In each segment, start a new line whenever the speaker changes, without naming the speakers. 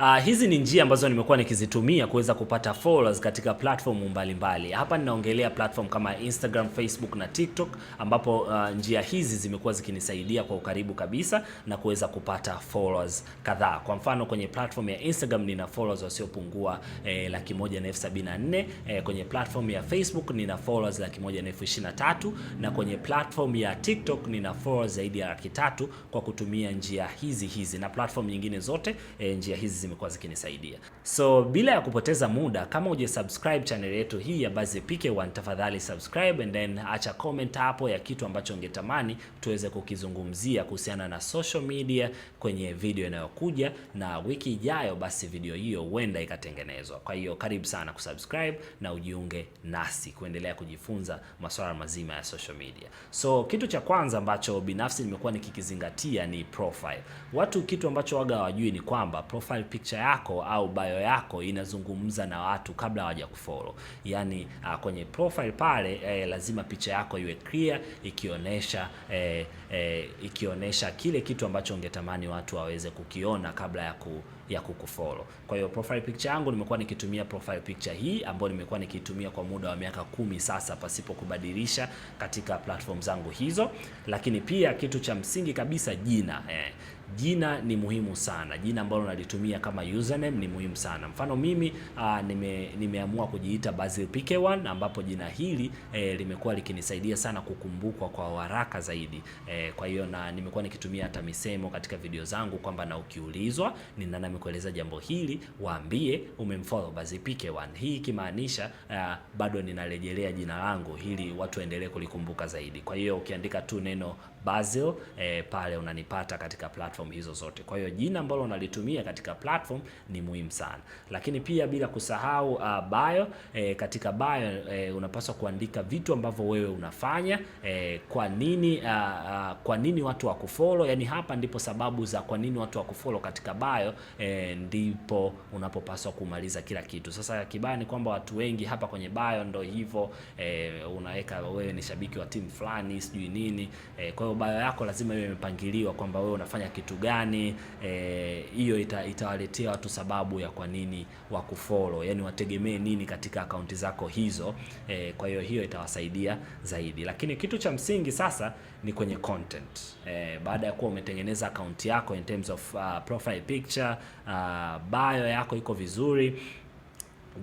Uh, hizi ni njia ambazo nimekuwa nikizitumia kuweza kupata followers katika platform mbalimbali mbali. Hapa ninaongelea platform kama Instagram, Facebook na TikTok ambapo uh, njia hizi zimekuwa zikinisaidia kwa ukaribu kabisa na kuweza kupata followers kadhaa. Kwa mfano kwenye platform ya Instagram nina followers wasiopungua eh, laki moja na elfu sabini na nne eh, kwenye platform ya Facebook nina followers laki moja na elfu ishirini na tatu na kwenye platform ya TikTok nina followers zaidi ya laki tatu kwa kutumia njia hizi hizi na platform nyingine zote eh, njia hizi zimekuwa zikinisaidia. So bila ya kupoteza muda, kama uje subscribe channel yetu hii ya Baze PK1, tafadhali subscribe and then acha comment hapo ya kitu ambacho ungetamani tuweze kukizungumzia kuhusiana na social media kwenye video inayokuja, na wiki ijayo basi video hiyo huenda ikatengenezwa. Kwa hiyo karibu sana kusubscribe na ujiunge nasi kuendelea kujifunza masuala mazima ya social media. So kitu cha kwanza ambacho binafsi nimekuwa nikikizingatia ni profile. Watu kitu ambacho waga hawajui ni kwamba profile picha yako au bio yako inazungumza na watu kabla hawaja kufollow. Yani uh, ah, kwenye profile pale eh, lazima picha yako iwe clear ikionyesha eh, eh, ikionyesha kile kitu ambacho ungetamani watu waweze kukiona kabla ya ku ya kukufollow. Kwa hiyo profile picture yangu nimekuwa nikitumia profile picture hii ambayo nimekuwa nikitumia kwa muda wa miaka kumi sasa pasipo kubadilisha katika platform zangu hizo, lakini pia kitu cha msingi kabisa jina eh jina ni muhimu sana. Jina ambalo nalitumia kama username ni muhimu sana. Mfano mimi aa, ah, nime, nimeamua kujiita Basil PK1 ambapo jina hili e, limekuwa likinisaidia sana kukumbukwa kwa haraka zaidi. E, kwa hiyo na nimekuwa nikitumia hata misemo katika video zangu kwamba na ukiulizwa ni nani amekueleza jambo hili, waambie umemfollow Basil PK1. Hii ikimaanisha ah, bado ninarejelea jina langu ili watu waendelee kulikumbuka zaidi. Kwa hiyo ukiandika tu neno Basil e, pale unanipata katika platform hizo zote. Kwa hiyo jina ambalo unalitumia katika platform ni muhimu sana, lakini pia bila kusahau uh, bio e, katika bio e, unapaswa kuandika vitu ambavyo wewe unafanya e, kwa nini uh, uh, kwa nini watu wakufollow. Yani hapa ndipo sababu za kwa nini watu wakufollow katika bio e, ndipo unapopaswa kumaliza kila kitu. Sasa kibaya ni kwamba watu wengi hapa kwenye bio ndo hivyo e, unaweka wewe ni shabiki wa timu fulani sijui nini e, kwa bayo bio yako lazima iwe imepangiliwa kwamba wewe unafanya kitu gani. Eh, hiyo e, ita, itawaletea watu sababu ya kwa nini kufollow, yani wategemee nini katika akaunti zako hizo e, kwa hiyo hiyo itawasaidia zaidi, lakini kitu cha msingi sasa ni kwenye content e, baada ya kuwa umetengeneza akaunti yako in terms of uh, profile picture uh, bio yako iko vizuri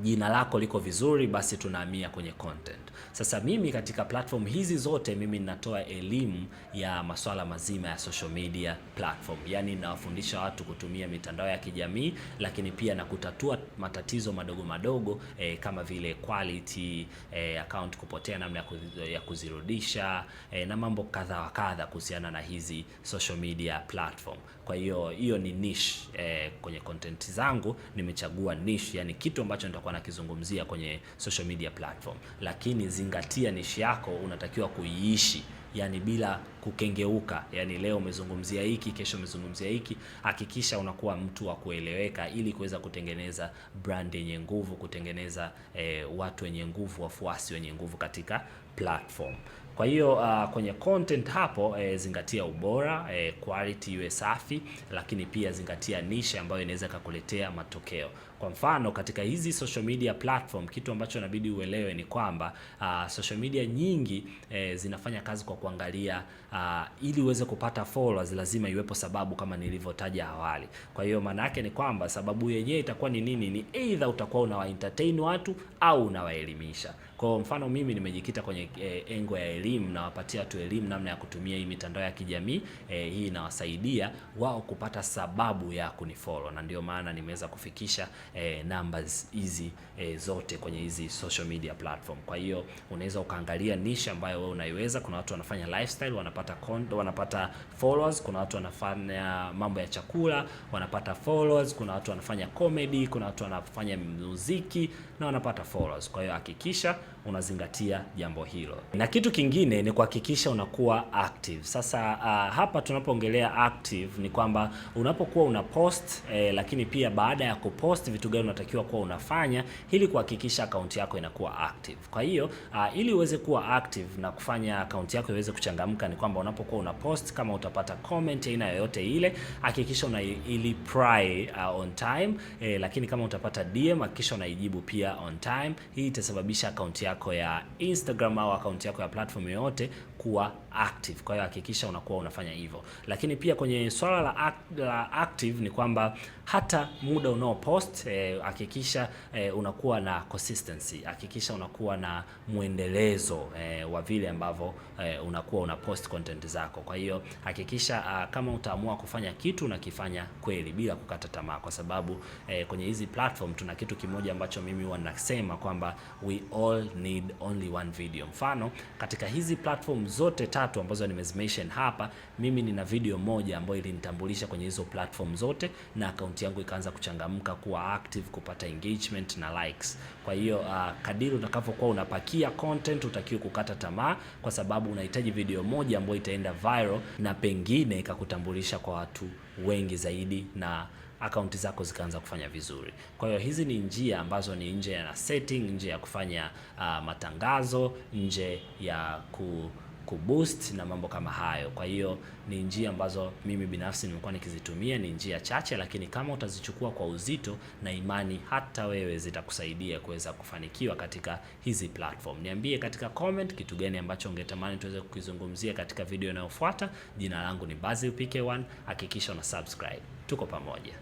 jina lako liko vizuri, basi tunahamia kwenye content. Sasa mimi katika platform hizi zote mimi ninatoa elimu ya masuala mazima ya social media platform, yaani nawafundisha watu kutumia mitandao ya kijamii, lakini pia na kutatua matatizo madogo madogo e, kama vile quality e, account kupotea, namna ya kuzirudisha e, na mambo kadha wa kadha kuhusiana na hizi social media platform. Kwa hiyo hiyo ni niche e, kwenye content zangu nimechagua niche, yani kitu ambacho anakuwa anakizungumzia kwenye social media platform, lakini zingatia nishi yako, unatakiwa kuiishi yani bila kukengeuka. Yani leo umezungumzia hiki, kesho umezungumzia hiki. Hakikisha unakuwa mtu wa kueleweka, ili kuweza kutengeneza brand yenye nguvu, kutengeneza eh, watu wenye nguvu, wafuasi wenye nguvu katika platform. Kwa hiyo uh, kwenye content hapo e, zingatia ubora e, quality iwe safi, lakini pia zingatia niche ambayo inaweza ikakuletea matokeo. Kwa mfano katika hizi social media platform, kitu ambacho inabidi uelewe ni kwamba uh, social media nyingi eh, zinafanya kazi kwa kuangalia uh, ili uweze kupata followers lazima iwepo sababu kama nilivyotaja awali. Kwa hiyo maana yake ni kwamba sababu yenyewe itakuwa ni nini? Ni either utakuwa unawa entertain watu au unawaelimisha. Kwa mfano mimi nimejikita kwenye eh, engo ya elimu, nawapatia tu elimu namna ya kutumia hii mitandao ya kijamii eh, hii inawasaidia wao kupata sababu ya kunifollow na ndio maana nimeweza kufikisha eh, numbers hizi eh, zote kwenye hizi social media platform. Kwa hiyo unaweza ukaangalia niche ambayo wewe unaiweza. Kuna watu wanafanya lifestyle, wanapata kondo, wanapata followers. Kuna watu wanafanya mambo ya chakula, wanapata followers. Kuna watu wanafanya comedy, kuna watu wanafanya muziki na wanapata followers. Kwa hiyo hakikisha unazingatia jambo hilo. Na kitu kingine ni kuhakikisha unakuwa active. Sasa uh, hapa tunapoongelea active ni kwamba unapokuwa una post eh, lakini pia baada ya kupost vitu gani unatakiwa kuwa unafanya ili kuhakikisha akaunti yako inakuwa active. Kwa hiyo uh, ili uweze kuwa active na kufanya akaunti yako iweze kuchangamka ni kwamba unapokuwa una post, kama utapata comment aina yoyote ile, hakikisha una ili reply uh, ah, on time eh, lakini kama utapata DM hakikisha unaijibu pia on time. Hii itasababisha akaunti yako ya Instagram au akaunti yako ya platform yoyote, kuwa active. Kwa hiyo hakikisha unakuwa unafanya hivyo, lakini pia kwenye swala la, act, la active ni kwamba hata muda unaopost eh, hakikisha eh, eh, unakuwa na consistency, hakikisha unakuwa na mwendelezo eh, wa vile ambavyo eh, unakuwa post content zako. Kwa hiyo hakikisha ah, kama utaamua kufanya kitu unakifanya kweli bila kukata tamaa, kwa sababu eh, kwenye hizi platform tuna kitu kimoja ambacho mimi huwa nasema kwamba we all need only one video. Mfano katika hizi platform zote tatu ambazo nimezimention hapa, mimi nina video moja ambayo ilinitambulisha kwenye hizo platform zote na akaunti yangu ikaanza kuchangamka kuwa active, kupata engagement na likes. Kwa hiyo uh, kadiri utakavyokuwa unapakia content utakiwa kukata tamaa, kwa sababu unahitaji video moja ambayo itaenda viral na pengine ikakutambulisha kwa watu wengi zaidi na akaunti zako zikaanza kufanya vizuri. Kwa hiyo hizi ni njia ambazo ni nje ya na setting, nje ya kufanya uh, matangazo, nje ya ku kuboost na mambo kama hayo. Kwa hiyo ni njia ambazo mimi binafsi nimekuwa nikizitumia, ni njia chache, lakini kama utazichukua kwa uzito na imani, hata wewe zitakusaidia kuweza kufanikiwa katika hizi platform. Niambie katika comment kitu gani ambacho ungetamani tuweze kukizungumzia katika video inayofuata. Jina langu ni Basil PK1, hakikisha una subscribe. Tuko pamoja.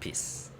Peace.